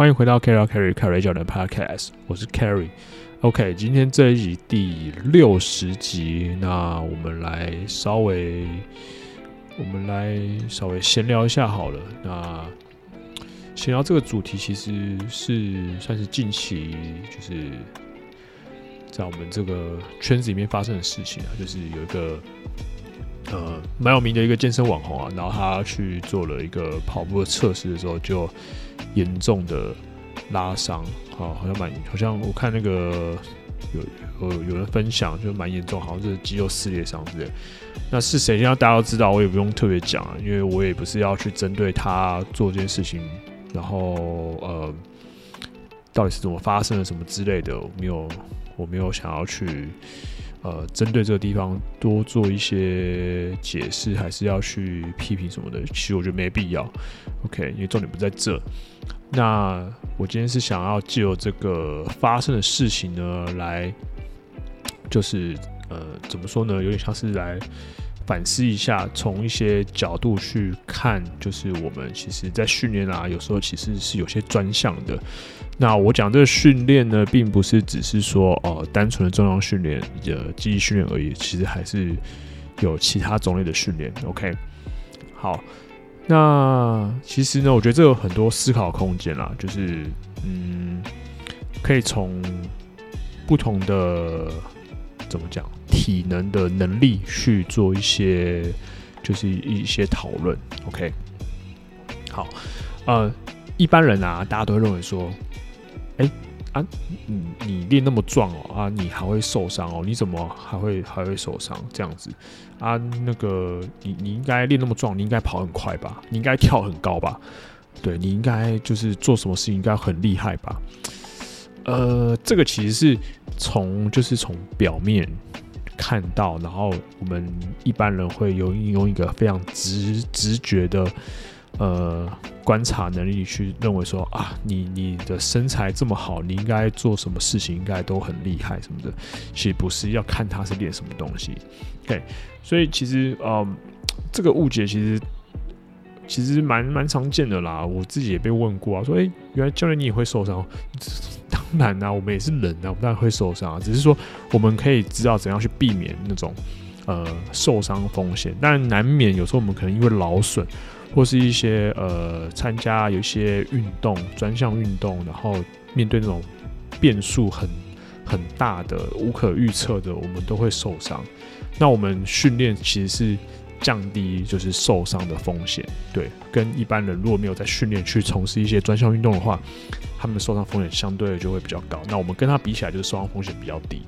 歡迎回到 Kerry Kerry Kerry 教練的 Podcast，我是 Kerry。OK，今天這一集第六十集，那我們來稍微，我們來稍微閒聊一下好了。那閒聊這個主題其實是，是算是近期就是在我們這個圈子裡面發生的事情啊，就是有一個。呃，蠻有名的一個健身網紅啊，然後他去做了一個跑步測試的時候，就嚴重的拉傷、啊、好像蠻好像我看那個有有人分享，就蠻嚴重，好像是肌肉撕裂傷之類的。那是誰？應該大家都知道，我也不用特別講、啊，因為我也不是要去針對他做這件事情。然後呃，到底是怎麼發生的什麼之類的，我沒有，我沒有想要去。呃，針對這個地方多做一些解釋，還是要去批評什麼的？其實我覺得沒必要。OK，因為重點不在這。那我今天是想要借由這個發生的事情呢，來，就是呃，怎麼說呢？有點像是來。反思一下，從一些角度去看，就是我們其實在訓練啊，有時候其實是有些專項的。那我講這個訓練呢，並不是只是說哦、呃，單純的重量訓練的記憶訓練而已，其實還是有其他種類的訓練。OK，好，那其實呢，我覺得這有很多思考空間啦，就是嗯，可以從不同的怎麼講。體能的能力去做一些，就是一些討論。OK，好，呃，一般人啊，大家都會認為說，哎、欸，啊，你你練那麼壯哦，啊，你還會受傷哦？你怎麼還會還會受傷這樣子？啊，那個，你你應該練那麼壯，你應該跑很快吧？你應該跳很高吧？對你應該就是做什麼事情應該很厲害吧？呃，這個其實是從就是從表面。看到，然後我們一般人會有用用一個非常直直覺的呃觀察能力去認為說啊，你你的身材這麼好，你應該做什麼事情應該都很厲害什麼的，其實不是要看他是練什麼東西，對，okay，所以其實呃這個誤解其實其實蠻蠻常見的啦，我自己也被問過啊，說誒，欸，原來教練你也會受傷。當然啦、啊，我們也是人啊，我們當然會受傷、啊。只是說，我們可以知道怎樣去避免那種呃受傷風險。但難免有時候我們可能因為勞損，或是一些呃參加有一些運動專項運動，然後面對那種變數很很大的、無可預測的，我們都會受傷。那我們訓練其實是降低就是受傷的風險。對，跟一般人如果沒有在訓練去從事一些專項運動的話。他們的受傷風險相對就會比較高，那我們跟他比起來就是受傷風險比較低。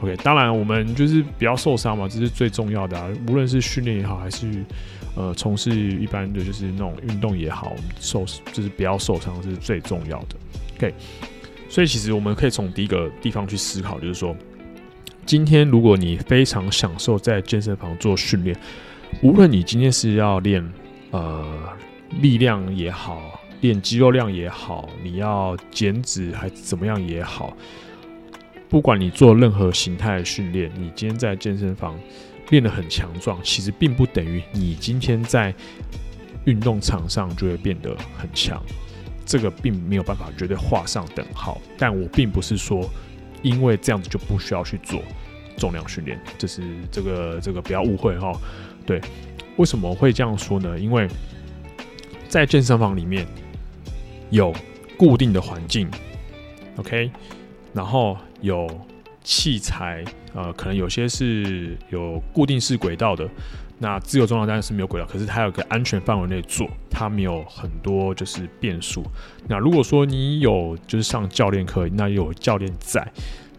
OK，當然我們就是不要受傷嘛，這是最重要的啊。無論是訓練也好，還是呃從事一般的就是那種運動也好，受就是不要受傷是最重要的。OK，所以其實我們可以從第一個地方去思考，就是說今天如果你非常享受在健身房做訓練，無論你今天是要練呃力量也好。練肌肉量也好，你要減脂還怎麼樣也好，不管你做任何形態的訓練，你今天在健身房練得很強壯，其實並不等於你今天在運動場上就會變得很強。這個並沒有辦法絕對畫上等號。但我並不是說因為這樣子就不需要去做重量訓練，這是這個這個不要誤會哈。對，為什麼我會這樣說呢？因為在健身房裡面，有固定的環境，OK，然後有器材，呃，可能有些是有固定式軌道的。那自由重量當然是沒有軌道，可是它有個安全範圍內做，它沒有很多就是變數。那如果說你有就是上教練課，那有教練在，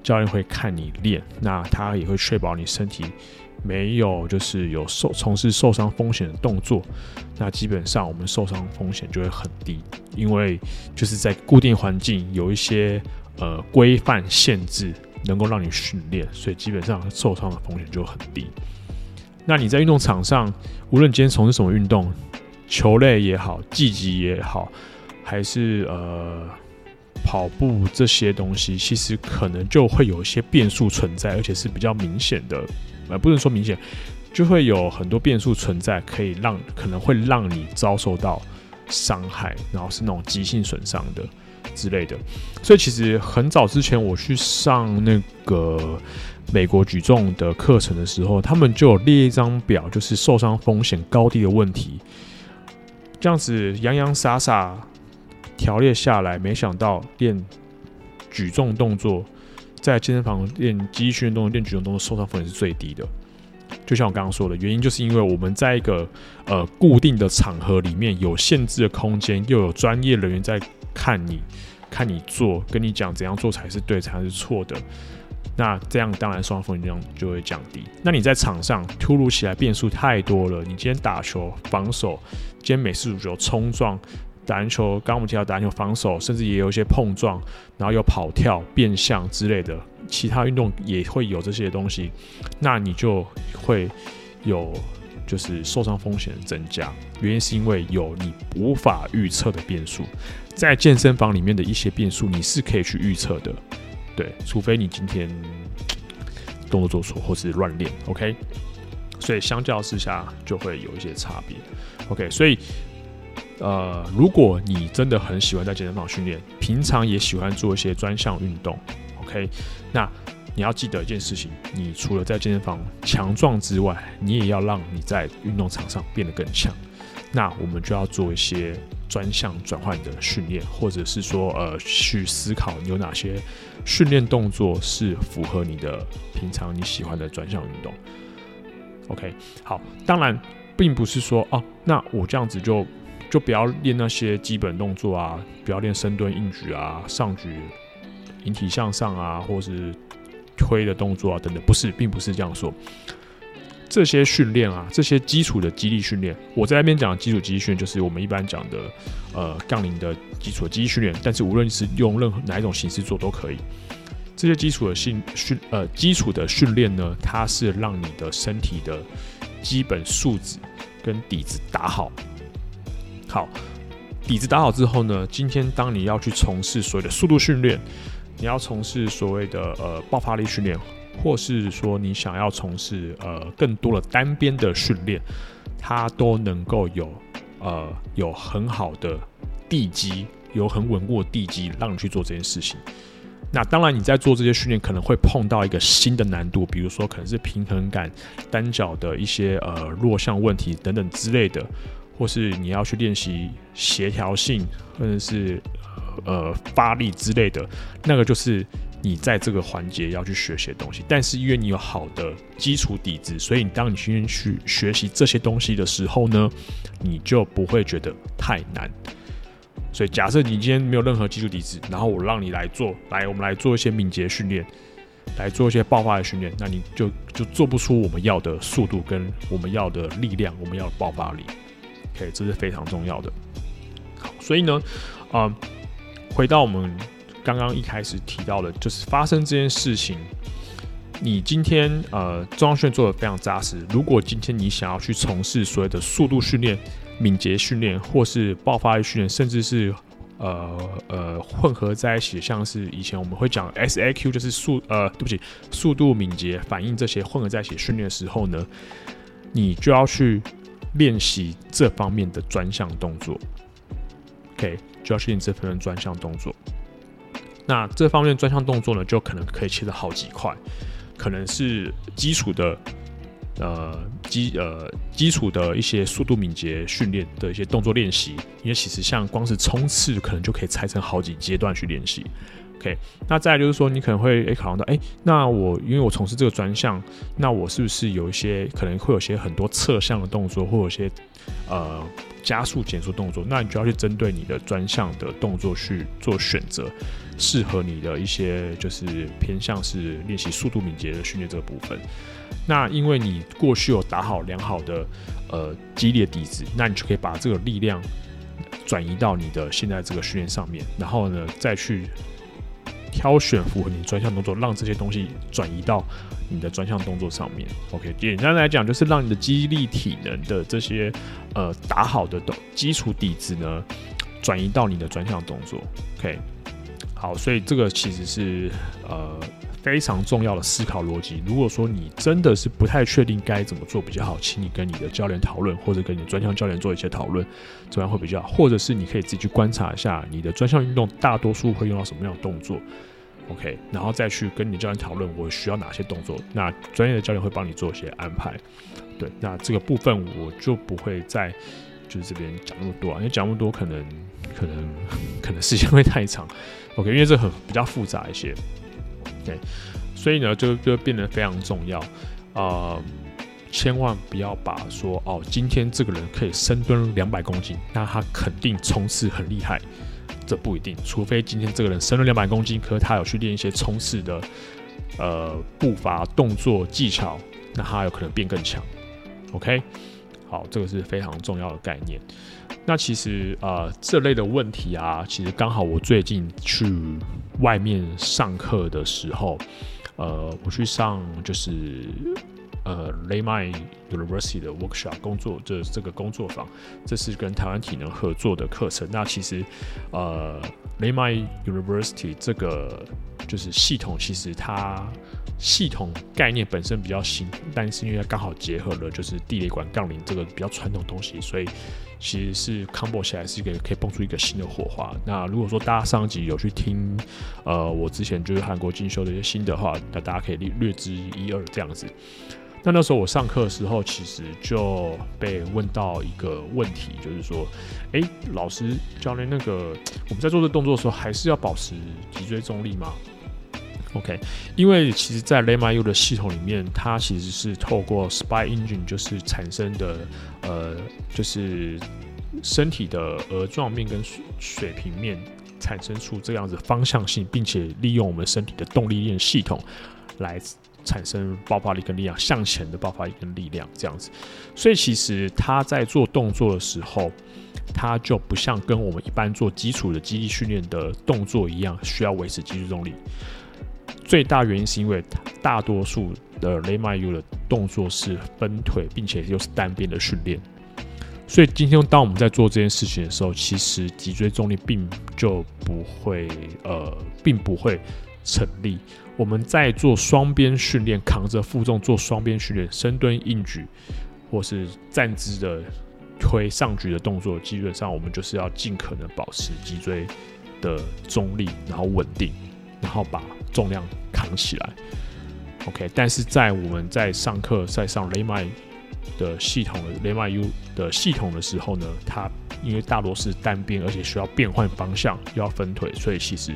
教練會看你練，那他也會確保你身體。沒有，就是有受從事受傷風險的動作，那基本上我們受傷風險就會很低，因為就是在固定環境，有一些呃規範限制，能夠讓你訓練，所以基本上受傷的風險就很低。那你在運動場上，無論今天從事什麼運動，球類也好，技擊也好，還是呃跑步這些東西，其實可能就會有一些變數存在，而且是比較明顯的。呃，不能說明顯，就會有很多變數存在，可以讓可能會讓你遭受到傷害，然後是那種急性損傷的之類的。所以其實很早之前我去上那個美國舉重的課程的時候，他們就有列一張表，就是受傷風險高低的問題，這樣子洋洋灑灑條列下來，沒想到練舉重動作，在健身房練肌訓練動作、練舉重動作，受傷風險是最低的。就像我剛剛說的，原因就是因為我們在一個呃固定的場合裡面，有限制的空間，又有專業人員在看你、看你做，跟你講怎樣做才是對，才是錯的。那這樣當然受傷風險量就會降低。那你在場上，突如其來變數太多了。你今天打球、防守，今天美式足球衝撞。打籃球，剛剛我們提到打籃球防守，甚至也有一些碰撞，然後有跑跳、變向之類的。其他運動也會有這些東西，那你就會有就是受傷風險增加。原因是因為有你無法預測的變數，在健身房裡面的一些變數你是可以去預測的，對，除非你今天動作做錯或是亂練。OK，所以相較之下就會有一些差別。OK，所以。呃，如果你真的很喜歡在健身房訓練，平常也喜歡做一些專項運動，OK，那你要記得一件事情，你除了在健身房強壯之外，你也要讓你在運動場上變得更強。那我們就要做一些專項轉換的訓練，或者是說，呃，去思考你有哪些訓練動作是符合你的平常你喜歡的專項運動。OK，好，當然並不是說哦，呃，那我這樣子就。就不要練那些基本動作啊，不要練深蹲、硬舉啊、上舉、引體向上啊，或是推的動作啊等等。不是，並不是這樣說。這些訓練啊，這些基礎的肌力訓練，我在那邊講基礎肌力訓練，就是我們一般講的呃槓鈴的基礎肌力訓練。但是無論是用任何哪一種形式做都可以。這些基礎的訓訓呃基礎的訓練呢，它是讓你的身體的基本素質跟底子打好。好，底子打好之後呢，今天當你要去從事所謂的速度訓練，你要從事所謂的呃爆發力訓練，或是說你想要從事呃更多的單邊的訓練，它都能夠有呃有很好的地基，有很穩固的地基，讓你去做這件事情。那當然，你在做這些訓練可能會碰到一個新的難度，比如說可能是平衡感、單腳的一些呃弱項問題等等之類的。或是你要去練習協調性，或者是呃發力之類的，那個就是你在這個環節要去學習的東西。但是因為你有好的基礎底子，所以你當你今天去學習這些東西的時候呢，你就不會覺得太難。所以假設你今天沒有任何基礎底子，然後我讓你來做，來我們來做一些敏捷訓練，來做一些爆發的訓練，那你就就做不出我們要的速度跟我們要的力量，我們要的爆發力。OK，這是非常重要的。所以呢，啊、嗯，回到我們剛剛一開始提到的，就是發生這件事情，你今天呃，專項訓練做得非常扎實。如果今天你想要去從事所謂的速度訓練、敏捷訓練，或是爆發力訓練，甚至是呃呃混合在一起，像是以前我們會講 SAQ，就是速呃，對不起，速度、敏捷、反應這些混合在一起訓練的時候呢，你就要去。練習這方面的專項動作，OK，就要訓練這方面專項動作。那這方面專項動作呢，就可能可以切成好幾塊，可能是基礎的，呃基呃基礎的一些速度敏捷訓練的一些動作練習。因為其實像光是衝刺，可能就可以拆成好幾階段去練習。那再來就是說，你可能會誒、欸、考慮到，誒、欸。那我因為我從事這個專項，那我是不是有一些可能會有些很多側向的動作，或有些呃加速減速動作？那你就要去針對你的專項的動作去做選擇，適合你的一些就是偏向是練習速度敏捷的訓練這個部分。那因為你過去有打好良好的呃肌力底子，那你就可以把這個力量轉移到你的現在這個訓練上面，然後呢再去。挑選符合你專項動作，讓這些東西轉移到你的專項動作上面。OK，簡單來講，就是讓你的肌力、體能的這些呃打好的基礎底子呢，轉移到你的專項動作。OK。好，所以這個其實是呃非常重要的思考邏輯。如果說你真的是不太確定該怎麼做比較好，請你跟你的教練討論，或者跟你專項教練做一些討論，這樣會比較好。或者是你可以自己去觀察一下你的專項運動，大多數會用到什麼樣的動作，OK，然後再去跟你的教練討論我需要哪些動作。那專業的教練會幫你做一些安排。對，那這個部分我就不會再就是這邊講那麼多啊，因為講那麼多可能可能可能時間會太長。OK，因為這很比較複雜一些，OK，所以呢就就變得非常重要，啊、呃，千萬不要把說哦，今天這個人可以深蹲兩百公斤，那他肯定衝刺很厲害，這不一定，除非今天這個人深蹲兩百公斤，可是他有去練一些衝刺的呃步伐動作技巧，那他有可能變更強，OK。好，這個是非常重要的概念。那其實呃，這類的問題啊，其實剛好我最近去外面上課的時候，呃，我去上就是呃，Le May University 的 workshop 工作，這這個工作坊，這是跟台灣體能合作的課程。那其實呃，Le May University 這個就是系統，其實它系統概念本身比較新，但是因為它剛好結合了就是地雷管槓鈴這個比較傳統的東西，所以其實是 combo 起來是是個可以蹦出一個新的火花。那如果說大家上一集有去聽，呃，我之前就是韓國進修的一些心得的話，那大家可以略略知一二這樣子。那那時候我上課的時候，其實就被問到一個問題，就是說，哎、欸，老師教練，那個我們在做這動作的時候，還是要保持脊椎中立嗎？OK，因為其實，在 LeMayu 的系統裡面，它其實是透過 Spy Engine 就是產生的，呃，就是身體的額狀面跟水平面產生出這樣子的方向性，並且利用我們身體的動力鏈系統來產生爆發力跟力量向前的爆發力跟力量這樣子。所以其實它在做動作的時候，它就不像跟我們一般做基礎的肌力訓練的動作一樣，需要維持肌肉動力。最大原因是因為大多數的雷馬尤的動作是分腿，並且又是單邊的訓練，所以今天當我們在做這件事情的時候，其實脊椎中立並就不會呃，並不會成立。我們在做雙邊訓練，扛着負重做雙邊訓練，深蹲、硬舉，或是站姿的推上舉的動作，基本上我們就是要盡可能保持脊椎的中立，然後穩定，然後把。重量扛起來，OK，但是在我們在上課在上雷邁的系統的雷邁 U 的系統的時候呢，它因為大多是單邊，而且需要變換方向，又要分腿，所以其實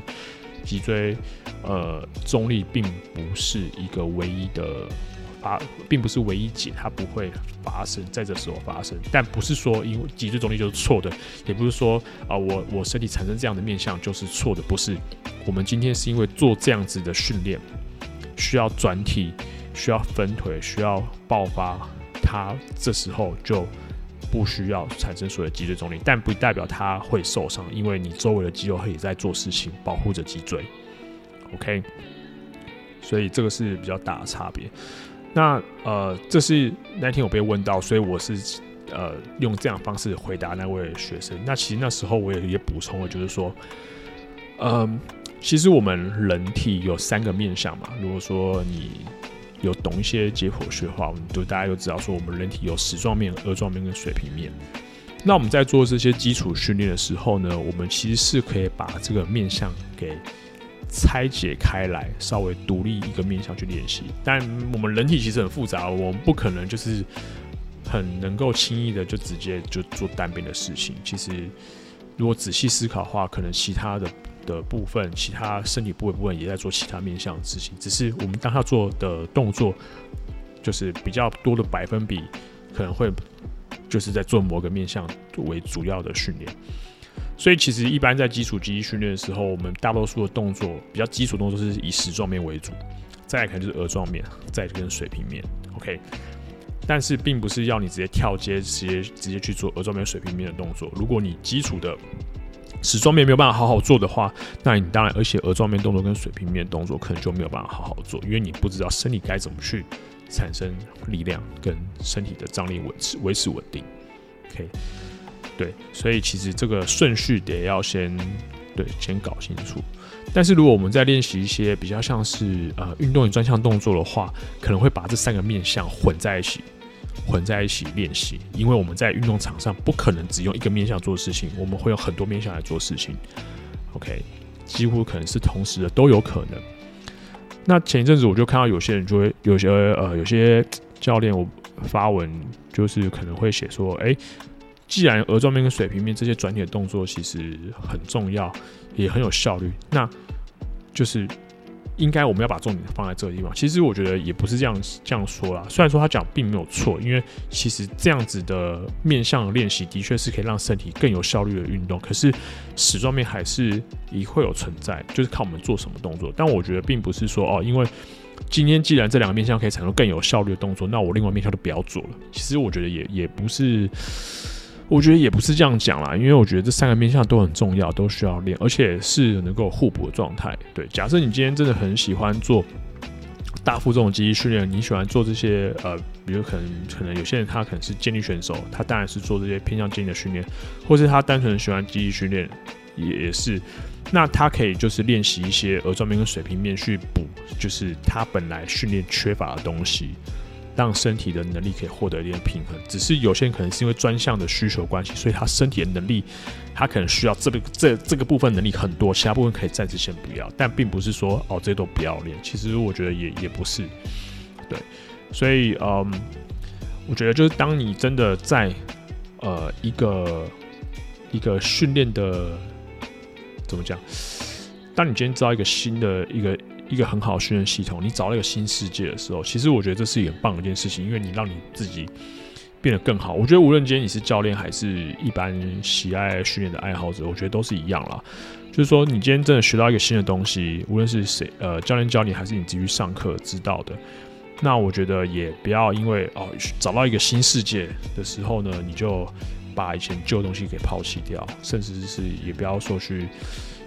脊椎呃中立並不是一個唯一的。啊，並不是唯一解，它不會發生，在這時候發生，但不是說因為脊椎中立就是錯的，也不是說啊、呃，我我身體產生這樣的面向就是錯的，不是。我們今天是因為做這樣子的訓練，需要轉體，需要分腿，需要爆發，它這時候就不需要產生所謂的脊椎中立，但不代表它會受傷，因為你周圍的肌肉也在做事情，保護着脊椎。OK，所以這個是比較大的差別。那呃，這是那天我被問到，所以我是呃用這樣的方式回答那位學生。那其實那時候我也也補充了，就是說，嗯、呃，其實我們人體有三個面向嘛。如果說你有懂一些解剖學的話，我們就大家就知道說我們人體有矢狀面、額狀面跟水平面。那我們在做這些基礎訓練的時候呢，我們其實是可以把這個面向給。拆解開來，稍微獨立一個面向去練習。但我們人體其實很複雜，我們不可能就是很能夠輕易的就直接就做單邊的事情。其實如果仔細思考的話，可能其他的的部分，其他身體部位部分也在做其他面向的事情。只是我們當下做的動作，就是比較多的百分比，可能會就是在做某個面向為主要的訓練。所以其實一般在基礎肌力訓練的時候，我們大多數的動作比較基礎動作是以矢狀面為主，再來可能就是額狀面，再就跟水平面。OK，但是並不是要你直接跳接直接直接去做額狀面、水平面的動作。如果你基礎的矢狀面沒有辦法好好做的話，那你當然而且額狀面動作跟水平面動作可能就沒有辦法好好做，因為你不知道身體該怎麼去產生力量跟身體的張力維持維持穩定。OK。對，所以其實這個順序得要先，對，先搞清楚。但是如果我們在練習一些比較像是呃運動與專項動作的話，可能會把這三個面向混在一起，混在一起練習。因為我們在運動場上不可能只用一個面向做事情，我們會有很多面向來做事情。OK，幾乎可能是同時的都有可能。那前一陣子我就看到有些人就會有些呃有些教練我發文就是可能會寫說，哎、欸。既然額狀面跟水平面這些轉體的動作其實很重要，也很有效率，那就是應該我們要把重點放在這個地方。其實我覺得也不是這樣這樣說啦。雖然說他講並沒有錯，因為其實這樣子的面向的練習的確是可以讓身體更有效率的運動。可是矢狀面還是也會有存在，就是看我們做什麼動作。但我覺得並不是說哦，因為今天既然這兩個面向可以產生更有效率的動作，那我另外面向就不要做了。其實我覺得也也不是。我覺得也不是這樣講啦，因為我覺得這三個面向都很重要，都需要練，而且是能夠互補的狀態。對，假設你今天真的很喜歡做大負重這種肌力訓練，你喜歡做這些呃，比如可能可能有些人他可能是健力選手，他當然是做這些偏向健力的訓練，或是他單純的喜歡肌力訓練也是，那他可以就是練習一些額狀面跟水平面去補，就是他本來訓練缺乏的東西。讓身體的能力可以獲得一點平衡，只是有些人可能是因為專項的需求關係，所以他身體的能力，他可能需要這個這這個部分能力很多，其他部分可以暫時先不要。但並不是說哦，這些都不要練，其實我覺得也也不是，對。所以嗯，我覺得就是當你真的在呃一個一個訓練的怎麼講，當你今天知道一個新的一個。一個很好的訓練系統，你找到一個新世界的時候，其實我覺得這是一個很棒的一件事情，因為你讓你自己變得更好。我覺得無論今天你是教練還是一般喜愛訓練的愛好者，我覺得都是一樣啦。就是說，你今天真的學到一個新的東西，無論是誰，呃，教練教你還是你自己去上課知道的，那我覺得也不要因為哦找到一個新世界的時候呢，你就把以前舊東西給拋棄掉，甚至是也不要說去。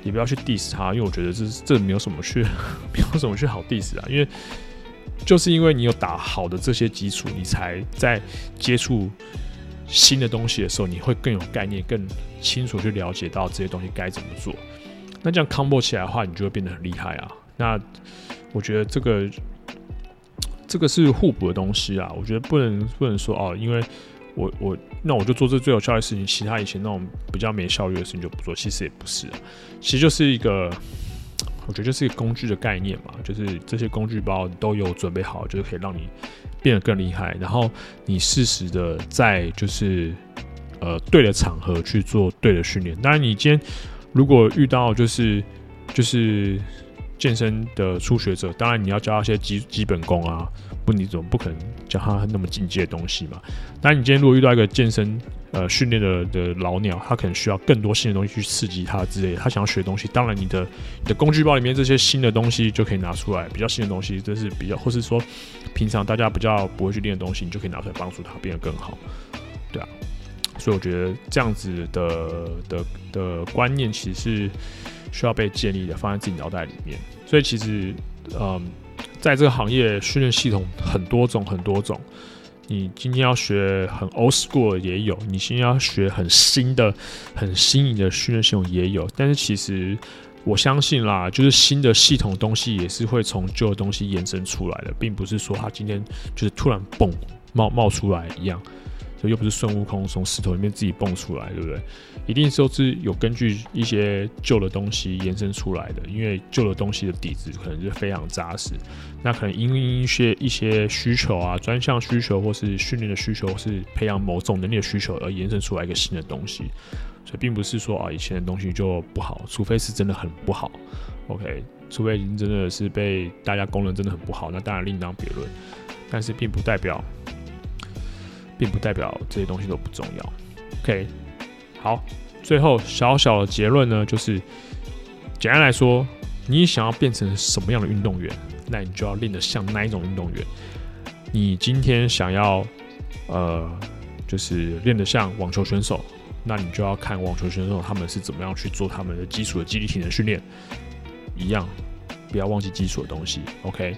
你不要去 diss 他，因為我覺得這這沒有什麼去沒有什麼去好 diss 啊，因為就是因為你有打好的這些基礎，你才在接觸新的東西的時候，你會更有概念，更清楚去了解到這些東西該怎麼做。那這樣 combo 起來的話，你就會變得很厲害啊。那我覺得這個這個是互補的東西啊，我覺得不能不能說哦，因為。我我那我就做這最有效的事情，其他以前那種比較沒效率的事情就不做。其實也不是，其實就是一個，我覺得就是一個工具的概念嘛，就是這些工具包你都有準備好，就是可以讓你變得更厲害。然後你適時的在就是呃，對的場合去做對的訓練。當然，你今天如果遇到就是就是。健身的初學者，當然你要教一些基基本功啊，不，你總不可能教他那麼進階的東西嘛。那你今天如果遇到一個健身呃訓練的的老鳥，他可能需要更多新的東西去刺激他的之類的，他想要學的東西。當然，你的你的工具包裡面這些新的東西就可以拿出來，比較新的東西，這是比較，或是說平常大家比較不會去練的東西，你就可以拿出來幫助他變得更好。對啊，所以我覺得這樣子的的的觀念，其實是。需要被建立的，放在自己腦袋裡面，所以其實，嗯、呃，在這個行業訓練系統很多種很多種，你今天要學很 old school 也有，你今天要學很新的很新穎的訓練系統也有，但是其實我相信啦，就是新的系統的東西也是會從舊的東西延伸出來的，並不是說它今天就是突然蹦冒冒出來一樣。所以又不是孫悟空從石頭裡面自己蹦出來，對不對？一定都是有根據一些舊的東西延伸出來的，因為舊的東西的底子可能是非常扎實。那可能因一些一些需求啊，專項需求或是訓練的需求，或是培養某種能力的需求而延伸出來一個新的東西。所以並不是說啊，以前的東西就不好，除非是真的很不好。OK，除非真的是被大家公認真的很不好，那當然另當別論。但是並不代表。並不代表這些東西都不重要。OK，好，最後小小的結論呢，就是簡單來說，你想要變成什麼樣的運動員，那你就要練得像那一種運動員。你今天想要，呃，就是練得像網球選手，那你就要看網球選手他們是怎麼樣去做他們的基礎的肌力體能訓練，一樣，不要忘記基礎的東西。OK。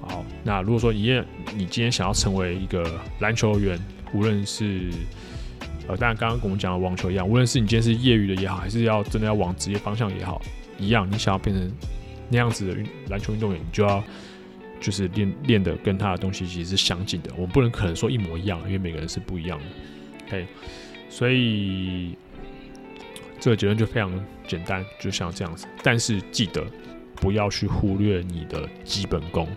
好，那如果說你也你今天想要成為一個籃球員，無論是呃，當然剛剛跟我們講的網球一樣，無論是你今天是業餘的也好，還是要真的要往職業方向也好，一樣，你想要變成那樣子的運籃球運動員，你就要就是練練的跟他的東西其實是相近的。我們不能可能說一模一樣，因為每個人是不一樣的。對，所以這個結論就非常簡單，就像這樣子。但是記得不要去忽略你的基本功。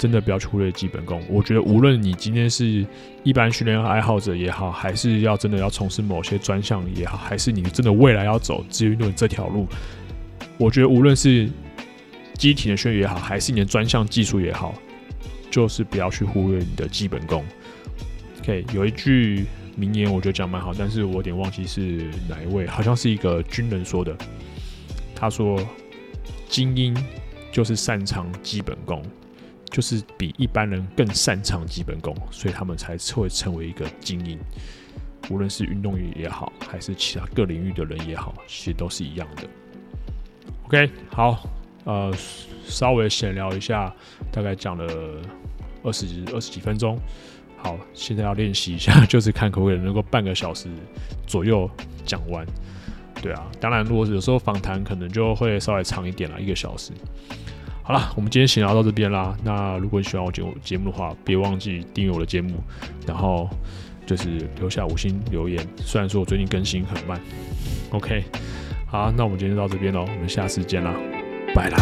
真的不要去忽略基本功。我覺得無論你今天是一般訓練愛好者也好，還是要真的要從事某些專項也好，還是你真的未來要走自由運動這條路，我覺得無論是機體的訓練也好，還是你的專項技術也好，就是不要去忽略你的基本功。OK，有一句名言，我覺得講得蠻好，但是我有點忘記是哪一位，好像是一個軍人說的。他說：“精英就是擅長基本功。”就是比一般人更擅長基本功，所以他們才會成為一個精英。無論是運動員也好，還是其他各領域的人也好，其實都是一樣的。OK，好，呃，稍微閒聊一下，大概講了二十二十幾分鐘。好，現在要練習一下，就是看可不可以能夠半個小時左右講完。對啊，當然，如果有時候訪談可能就會稍微長一點啦，一個小時。好啦，我們今天閒聊到這邊啦。那如果你喜歡我節節目的話，別忘記訂閱我的節目，然後就是留下五星留言。雖然說我最近更新很慢，OK。好，那我們今天就到這邊嘍，我們下次見啦，拜啦。